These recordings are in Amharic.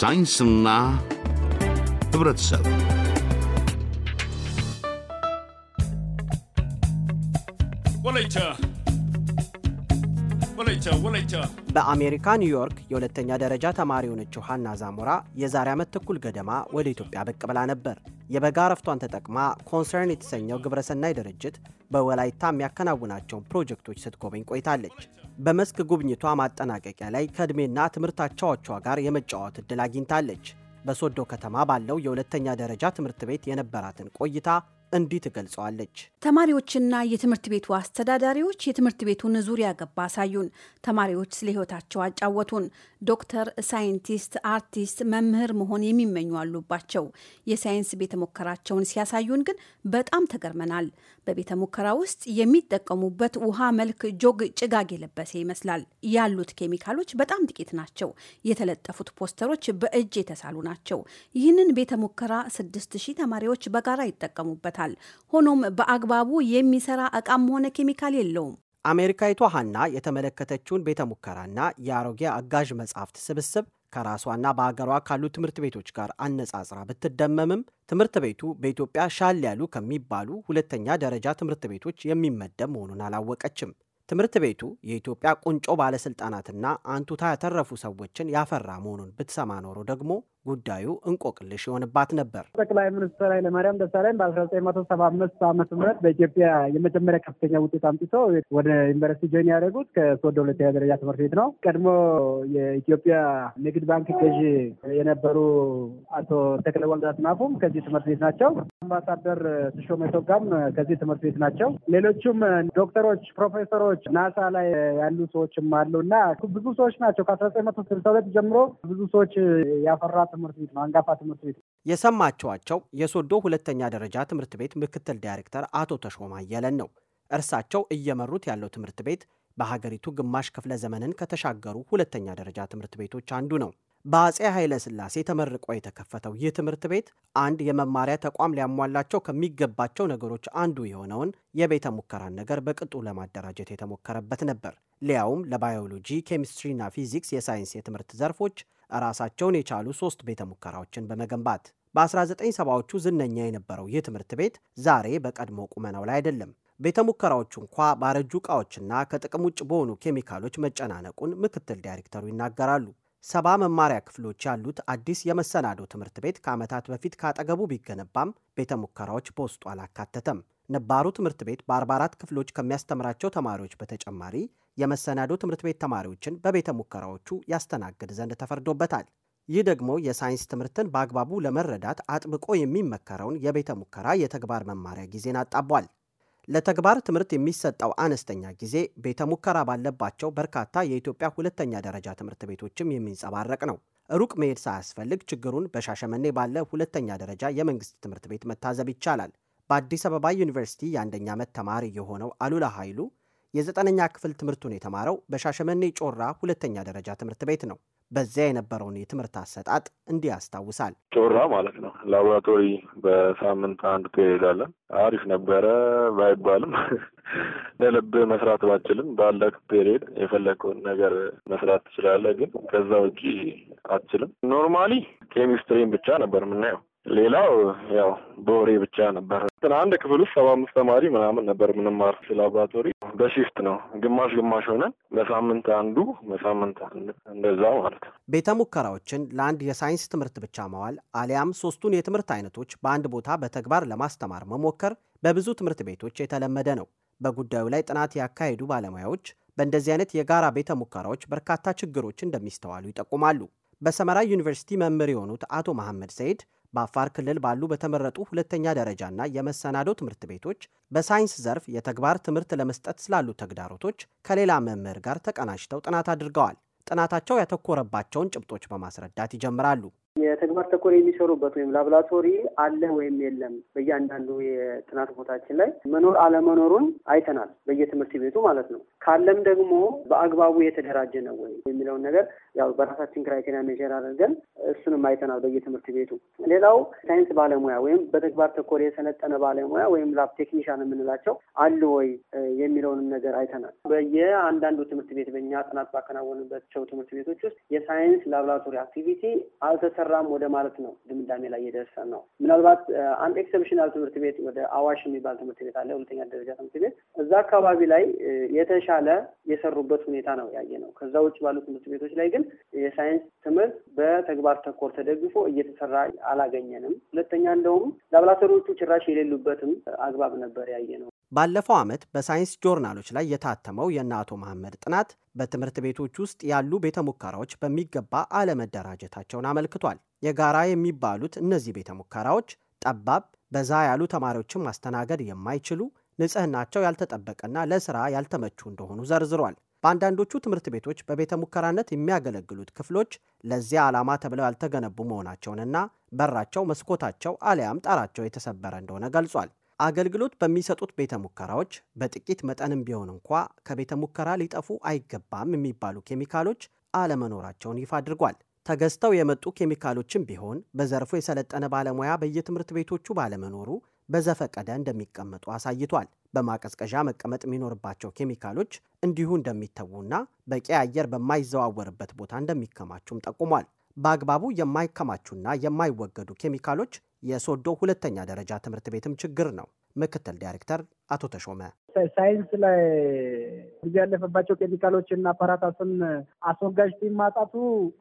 ሳይንስና ህብረተሰብ ወለይታ በአሜሪካ ኒውዮርክ የሁለተኛ ደረጃ ተማሪ የሆነችው ሀና ዛሞራ የዛሬ ዓመት ተኩል ገደማ ወደ ኢትዮጵያ ብቅ ብላ ነበር። የበጋ ረፍቷን ተጠቅማ ኮንሰርን የተሰኘው ግብረሰናይ ድርጅት በወላይታ የሚያከናውናቸውን ፕሮጀክቶች ስትጎበኝ ቆይታለች። በመስክ ጉብኝቷ ማጠናቀቂያ ላይ ከዕድሜና ትምህርት አቻዎቿ ጋር የመጫወት ዕድል አግኝታለች። በሶዶ ከተማ ባለው የሁለተኛ ደረጃ ትምህርት ቤት የነበራትን ቆይታ እንዲህ ትገልጸዋለች። ተማሪዎችና የትምህርት ቤቱ አስተዳዳሪዎች የትምህርት ቤቱን ዙሪያ ገባ አሳዩን። ተማሪዎች ስለ ሕይወታቸው አጫወቱን። ዶክተር፣ ሳይንቲስት፣ አርቲስት፣ መምህር መሆን የሚመኙ አሉባቸው። የሳይንስ ቤተ ሙከራቸውን ሲያሳዩን ግን በጣም ተገርመናል። በቤተ ሙከራ ውስጥ የሚጠቀሙበት ውሃ መልክ ጆግ ጭጋግ የለበሰ ይመስላል። ያሉት ኬሚካሎች በጣም ጥቂት ናቸው። የተለጠፉት ፖስተሮች በእጅ የተሳሉ ናቸው። ይህንን ቤተ ሙከራ ስድስት ሺህ ተማሪዎች በጋራ ይጠቀሙበታል። ይገኝበታል። ሆኖም በአግባቡ የሚሰራ እቃም ሆነ ኬሚካል የለውም። አሜሪካዊቷ ሀና የተመለከተችውን ቤተ ሙከራና የአሮጌ አጋዥ መጽሐፍት ስብስብ ከራሷና በአገሯ ካሉ ትምህርት ቤቶች ጋር አነጻጽራ ብትደመምም ትምህርት ቤቱ በኢትዮጵያ ሻል ያሉ ከሚባሉ ሁለተኛ ደረጃ ትምህርት ቤቶች የሚመደብ መሆኑን አላወቀችም። ትምህርት ቤቱ የኢትዮጵያ ቁንጮ ባለስልጣናትና አንቱታ ያተረፉ ሰዎችን ያፈራ መሆኑን ብትሰማ ኖሮ ደግሞ ጉዳዩ እንቆቅልሽ የሆንባት ነበር። ጠቅላይ ሚኒስትር ኃይለማርያም ደሳለኝ በ1975 ዓመተ ምህረት በኢትዮጵያ የመጀመሪያ ከፍተኛ ውጤት አምጥቶ ወደ ዩኒቨርሲቲ ጆይን ያደረጉት ከሶዶ ሁለተኛ ደረጃ ትምህርት ቤት ነው። ቀድሞ የኢትዮጵያ ንግድ ባንክ ገዢ የነበሩ አቶ ተክለ ወልድ አጥናፉም ከዚህ ትምህርት ቤት ናቸው። አምባሳደር ተሾመ ቶጋም ከዚህ ትምህርት ቤት ናቸው። ሌሎቹም ዶክተሮች፣ ፕሮፌሰሮች ናሳ ላይ ያሉ ሰዎችም አሉ እና ብዙ ሰዎች ናቸው። ከአስራ ዘጠኝ መቶ ስልሳ ሁለት ጀምሮ ብዙ ሰዎች ያፈራት ትምህርት ቤት ነው፣ አንጋፋ ትምህርት ቤት ነው። የሰማችኋቸው የሶዶ ሁለተኛ ደረጃ ትምህርት ቤት ምክትል ዳይሬክተር አቶ ተሾማ አየለን ነው። እርሳቸው እየመሩት ያለው ትምህርት ቤት በሀገሪቱ ግማሽ ክፍለ ዘመንን ከተሻገሩ ሁለተኛ ደረጃ ትምህርት ቤቶች አንዱ ነው። በአጼ ኃይለ ሥላሴ ተመርቆ የተከፈተው ይህ ትምህርት ቤት አንድ የመማሪያ ተቋም ሊያሟላቸው ከሚገባቸው ነገሮች አንዱ የሆነውን የቤተ ሙከራን ነገር በቅጡ ለማደራጀት የተሞከረበት ነበር። ሊያውም ለባዮሎጂ ኬሚስትሪና ፊዚክስ የሳይንስ የትምህርት ዘርፎች ራሳቸውን የቻሉ ሶስት ቤተ ሙከራዎችን በመገንባት በ1970ዎቹ ዝነኛ የነበረው ይህ ትምህርት ቤት ዛሬ በቀድሞ ቁመናው ላይ አይደለም። ቤተ ሙከራዎቹ እንኳ ባረጁ እቃዎችና ከጥቅም ውጭ በሆኑ ኬሚካሎች መጨናነቁን ምክትል ዳይሬክተሩ ይናገራሉ። ሰባ መማሪያ ክፍሎች ያሉት አዲስ የመሰናዶ ትምህርት ቤት ከዓመታት በፊት ካጠገቡ ቢገነባም ቤተ ሙከራዎች በውስጡ አላካተተም። ነባሩ ትምህርት ቤት በ44 ክፍሎች ከሚያስተምራቸው ተማሪዎች በተጨማሪ የመሰናዶ ትምህርት ቤት ተማሪዎችን በቤተ ሙከራዎቹ ያስተናግድ ዘንድ ተፈርዶበታል። ይህ ደግሞ የሳይንስ ትምህርትን በአግባቡ ለመረዳት አጥብቆ የሚመከረውን የቤተ ሙከራ የተግባር መማሪያ ጊዜን አጣቧል። ለተግባር ትምህርት የሚሰጠው አነስተኛ ጊዜ ቤተ ሙከራ ባለባቸው በርካታ የኢትዮጵያ ሁለተኛ ደረጃ ትምህርት ቤቶችም የሚንጸባረቅ ነው። ሩቅ መሄድ ሳያስፈልግ ችግሩን በሻሸመኔ ባለ ሁለተኛ ደረጃ የመንግስት ትምህርት ቤት መታዘብ ይቻላል። በአዲስ አበባ ዩኒቨርሲቲ የአንደኛ ዓመት ተማሪ የሆነው አሉላ ኃይሉ የዘጠነኛ ክፍል ትምህርቱን የተማረው በሻሸመኔ ጮራ ሁለተኛ ደረጃ ትምህርት ቤት ነው። በዚያ የነበረውን የትምህርት አሰጣጥ እንዲህ ያስታውሳል። ጮራ ማለት ነው። ላቦራቶሪ በሳምንት አንድ ትሄዳለን። አሪፍ ነበረ ባይባልም ለልብ መስራት ባችልም ባለክ ፔሪድ የፈለግከውን ነገር መስራት ትችላለህ። ግን ከዛ ውጪ አትችልም። ኖርማሊ ኬሚስትሪን ብቻ ነበር የምናየው። ሌላው ያው በወሬ ብቻ ነበር። አንድ ክፍል ውስጥ ሰባ አምስት ተማሪ ምናምን ነበር ምንማር ላብራቶሪ በሺፍት ነው፣ ግማሽ ግማሽ ሆነን በሳምንት አንዱ በሳምንት አንድ እንደዛ ማለት ነው። ቤተ ሙከራዎችን ለአንድ የሳይንስ ትምህርት ብቻ መዋል አሊያም ሶስቱን የትምህርት አይነቶች በአንድ ቦታ በተግባር ለማስተማር መሞከር በብዙ ትምህርት ቤቶች የተለመደ ነው። በጉዳዩ ላይ ጥናት ያካሄዱ ባለሙያዎች በእንደዚህ አይነት የጋራ ቤተ ሙከራዎች በርካታ ችግሮች እንደሚስተዋሉ ይጠቁማሉ። በሰመራ ዩኒቨርሲቲ መምህር የሆኑት አቶ መሐመድ ሰይድ በአፋር ክልል ባሉ በተመረጡ ሁለተኛ ደረጃና የመሰናዶ ትምህርት ቤቶች በሳይንስ ዘርፍ የተግባር ትምህርት ለመስጠት ስላሉ ተግዳሮቶች ከሌላ መምህር ጋር ተቀናጅተው ጥናት አድርገዋል። ጥናታቸው ያተኮረባቸውን ጭብጦች በማስረዳት ይጀምራሉ። የተግባር ተኮር የሚሰሩበት ወይም ላብራቶሪ አለ ወይም የለም በእያንዳንዱ የጥናት ቦታችን ላይ መኖር አለመኖሩን አይተናል፣ በየትምህርት ቤቱ ማለት ነው። ካለም ደግሞ በአግባቡ የተደራጀ ነው ወይ የሚለውን ነገር ያው በራሳችን ክራይቴሪያ ሜዥር አድርገን እሱንም አይተናል በየትምህርት ቤቱ። ሌላው ሳይንስ ባለሙያ ወይም በተግባር ተኮር የሰለጠነ ባለሙያ ወይም ላብ ቴክኒሻን የምንላቸው አሉ ወይ የሚለውንም ነገር አይተናል። በየአንዳንዱ ትምህርት ቤት በእኛ ጥናት ባከናወንባቸው ትምህርት ቤቶች ውስጥ የሳይንስ ላብራቶሪ አክቲቪቲ አልተሰራ አልሰራም ወደ ማለት ነው ድምዳሜ ላይ እየደረሰ ነው። ምናልባት አንድ ኤክሰፕሽናል ትምህርት ቤት ወደ አዋሽ የሚባል ትምህርት ቤት አለ፣ ሁለተኛ ደረጃ ትምህርት ቤት። እዛ አካባቢ ላይ የተሻለ የሰሩበት ሁኔታ ነው ያየ ነው። ከዛ ውጭ ባሉ ትምህርት ቤቶች ላይ ግን የሳይንስ ትምህርት በተግባር ተኮር ተደግፎ እየተሰራ አላገኘንም። ሁለተኛ እንደውም ላብራቶሪዎቹ ጭራሽ የሌሉበትም አግባብ ነበር ያየ ነው። ባለፈው ዓመት በሳይንስ ጆርናሎች ላይ የታተመው የእነ አቶ መሐመድ ጥናት በትምህርት ቤቶች ውስጥ ያሉ ቤተ ሙከራዎች በሚገባ አለመደራጀታቸውን አመልክቷል። የጋራ የሚባሉት እነዚህ ቤተ ሙከራዎች ጠባብ፣ በዛ ያሉ ተማሪዎችን ማስተናገድ የማይችሉ ንጽህናቸው ያልተጠበቀና ለስራ ያልተመቹ እንደሆኑ ዘርዝሯል። በአንዳንዶቹ ትምህርት ቤቶች በቤተ ሙከራነት የሚያገለግሉት ክፍሎች ለዚያ ዓላማ ተብለው ያልተገነቡ መሆናቸውንና በራቸው፣ መስኮታቸው አሊያም ጣራቸው የተሰበረ እንደሆነ ገልጿል። አገልግሎት በሚሰጡት ቤተ ሙከራዎች በጥቂት መጠንም ቢሆን እንኳ ከቤተ ሙከራ ሊጠፉ አይገባም የሚባሉ ኬሚካሎች አለመኖራቸውን ይፋ አድርጓል። ተገዝተው የመጡ ኬሚካሎችም ቢሆን በዘርፉ የሰለጠነ ባለሙያ በየትምህርት ቤቶቹ ባለመኖሩ በዘፈቀደ እንደሚቀመጡ አሳይቷል። በማቀዝቀዣ መቀመጥ የሚኖርባቸው ኬሚካሎች እንዲሁ እንደሚተዉና በቂ አየር በማይዘዋወርበት ቦታ እንደሚከማቹም ጠቁሟል። በአግባቡ የማይከማቹና የማይወገዱ ኬሚካሎች የሶዶ ሁለተኛ ደረጃ ትምህርት ቤትም ችግር ነው። ምክትል ዳይሬክተር አቶ ተሾመ ሳይንስ ላይ ጊዜ ያለፈባቸው ኬሚካሎች እና አፓራታስን አስወጋጅ ቲም ማጣቱ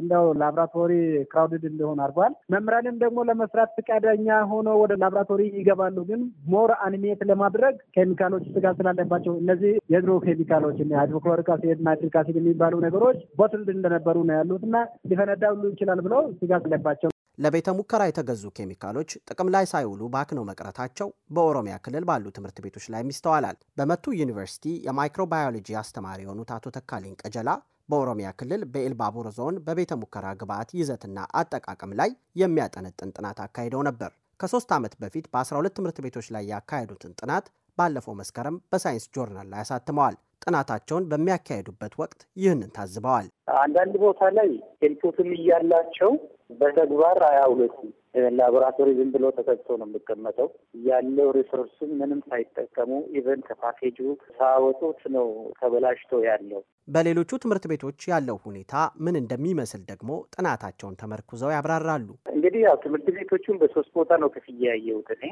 እንደው ላብራቶሪ ክራውድድ እንዲሆን አድርጓል። መምህራንም ደግሞ ለመስራት ፈቃደኛ ሆኖ ወደ ላብራቶሪ ይገባሉ፣ ግን ሞር አንሜት ለማድረግ ኬሚካሎች ስጋት ስላለባቸው እነዚህ የድሮ ኬሚካሎች ሃይድሮክሎሪክ አሲድ፣ ናይትሪክ አሲድ የሚባሉ ነገሮች ቦትልድ እንደነበሩ ነው ያሉት እና ሊፈነዳ ሁሉ ይችላል ብለው ስጋት አለባቸው። ለቤተ ሙከራ የተገዙ ኬሚካሎች ጥቅም ላይ ሳይውሉ ባክነው መቅረታቸው በኦሮሚያ ክልል ባሉ ትምህርት ቤቶች ላይም ይስተዋላል። በመቱ ዩኒቨርሲቲ የማይክሮባዮሎጂ አስተማሪ የሆኑት አቶ ተካሊን ቀጀላ በኦሮሚያ ክልል በኤልባቡር ዞን በቤተ ሙከራ ግብዓት ይዘትና አጠቃቀም ላይ የሚያጠነጥን ጥናት አካሂደው ነበር። ከሶስት ዓመት በፊት በ12 ትምህርት ቤቶች ላይ ያካሄዱትን ጥናት ባለፈው መስከረም በሳይንስ ጆርናል ላይ አሳትመዋል። ጥናታቸውን በሚያካሄዱበት ወቅት ይህንን ታዝበዋል። አንዳንድ ቦታ ላይ ቴልፑትም እያላቸው በተግባር አያውለቱም። ላቦራቶሪ ዝም ብሎ ተሰጥቶ ነው የሚቀመጠው። ያለው ሪሶርስም ምንም ሳይጠቀሙ ኢቨን ከፓኬጁ ሳወጡት ነው ተበላሽቶ ያለው። በሌሎቹ ትምህርት ቤቶች ያለው ሁኔታ ምን እንደሚመስል ደግሞ ጥናታቸውን ተመርኩዘው ያብራራሉ። እንግዲህ ያው ትምህርት ቤቶቹን በሶስት ቦታ ነው ከፍዬ ያየሁት እኔ።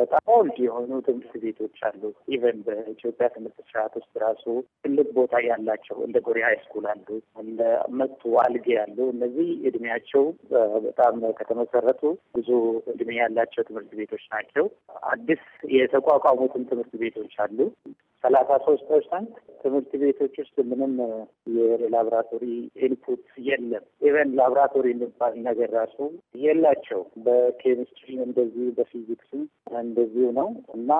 በጣም ወልድ የሆኑ ትምህርት ቤቶች አሉ። ኢቨን በኢትዮጵያ ትምህርት ስርዓት ውስጥ ራሱ ትልቅ ቦታ ያላቸው እንደ ጎሪ ሀይ ስኩል አሉ እንደ መቱ አልጌ ያሉ እነዚህ እድሜያቸው በጣም ከተመሰረቱ ብዙ እድሜ ያላቸው ትምህርት ቤቶች ናቸው። አዲስ የተቋቋሙትን ትምህርት ቤቶች አሉ። ሰላሳ ሶስት ፐርሰንት ትምህርት ቤቶች ውስጥ ምንም የላብራቶሪ ኢንፑት የለም። ኢቨን ላብራቶሪ የሚባል ነገር ራሱ የላቸው። በኬሚስትሪ እንደዚሁ በፊዚክስም እንደዚሁ ነው እና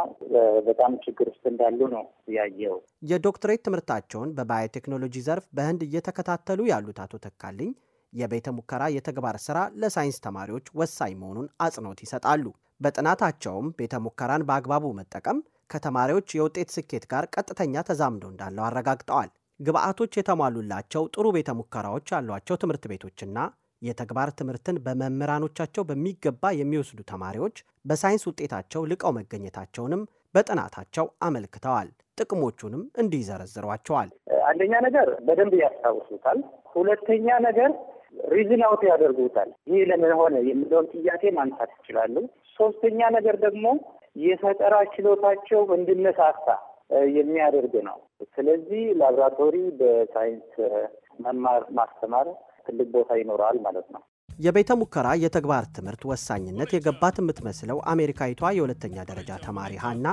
በጣም ችግር ውስጥ እንዳሉ ነው ያየው። የዶክትሬት ትምህርታቸውን በባዮቴክኖሎጂ ዘርፍ በህንድ እየተከታተሉ ያሉት አቶ ተካልኝ የቤተ ሙከራ የተግባር ስራ ለሳይንስ ተማሪዎች ወሳኝ መሆኑን አጽንኦት ይሰጣሉ። በጥናታቸውም ቤተ ሙከራን በአግባቡ መጠቀም ከተማሪዎች የውጤት ስኬት ጋር ቀጥተኛ ተዛምዶ እንዳለው አረጋግጠዋል። ግብአቶች የተሟሉላቸው ጥሩ ቤተ ሙከራዎች ያሏቸው ትምህርት ቤቶችና የተግባር ትምህርትን በመምህራኖቻቸው በሚገባ የሚወስዱ ተማሪዎች በሳይንስ ውጤታቸው ልቀው መገኘታቸውንም በጥናታቸው አመልክተዋል። ጥቅሞቹንም እንዲህ ይዘረዝሯቸዋል። አንደኛ ነገር በደንብ ያስታውሱታል። ሁለተኛ ነገር ሪዝን አውት ያደርጉታል። ይህ ለምን ሆነ የሚለውን ጥያቄ ማንሳት ይችላሉ። ሶስተኛ ነገር ደግሞ የፈጠራ ችሎታቸው እንድነሳሳ የሚያደርግ ነው። ስለዚህ ላብራቶሪ በሳይንስ መማር ማስተማር ትልቅ ቦታ ይኖረዋል ማለት ነው። የቤተ ሙከራ የተግባር ትምህርት ወሳኝነት የገባት የምትመስለው አሜሪካዊቷ የሁለተኛ ደረጃ ተማሪ ሀና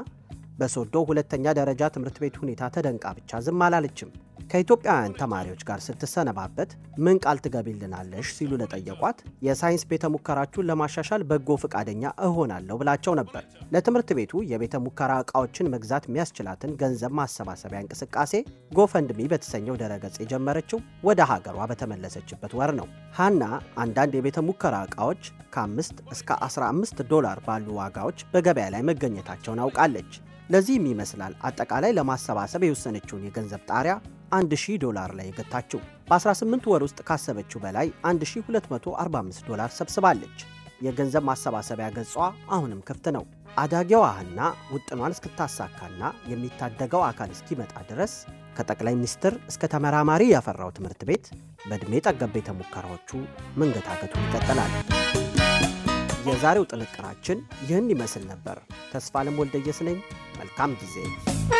በሶዶ ሁለተኛ ደረጃ ትምህርት ቤት ሁኔታ ተደንቃ ብቻ ዝም አላለችም። ከኢትዮጵያውያን ተማሪዎች ጋር ስትሰነባበት ምን ቃል ትገቢልናለሽ ሲሉ ለጠየቋት የሳይንስ ቤተ ሙከራችሁን ለማሻሻል በጎ ፈቃደኛ እሆናለሁ ብላቸው ነበር። ለትምህርት ቤቱ የቤተ ሙከራ እቃዎችን መግዛት የሚያስችላትን ገንዘብ ማሰባሰቢያ እንቅስቃሴ ጎፈንድሚ በተሰኘው ደረገጽ የጀመረችው ወደ ሀገሯ በተመለሰችበት ወር ነው። ሀና አንዳንድ የቤተ ሙከራ እቃዎች ከ5 እስከ 15 ዶላር ባሉ ዋጋዎች በገበያ ላይ መገኘታቸውን አውቃለች። ለዚህም ይመስላል አጠቃላይ ለማሰባሰብ የወሰነችውን የገንዘብ ጣሪያ 1000 ዶላር ላይ የገታችው። በ18 ወር ውስጥ ካሰበችው በላይ 1245 ዶላር ሰብስባለች። የገንዘብ ማሰባሰቢያ ገጿ አሁንም ክፍት ነው። አዳጊዋ ሀና ውጥኗን እስክታሳካና የሚታደገው አካል እስኪመጣ ድረስ ከጠቅላይ ሚኒስትር እስከ ተመራማሪ ያፈራው ትምህርት ቤት በዕድሜ ጠገብ ቤተ ሙከራዎቹ መንገታገቱ ይቀጥላል። የዛሬው ጥንቅራችን ይህን ይመስል ነበር። ተስፋለም ወልደየስ ነኝ። መልካም ጊዜ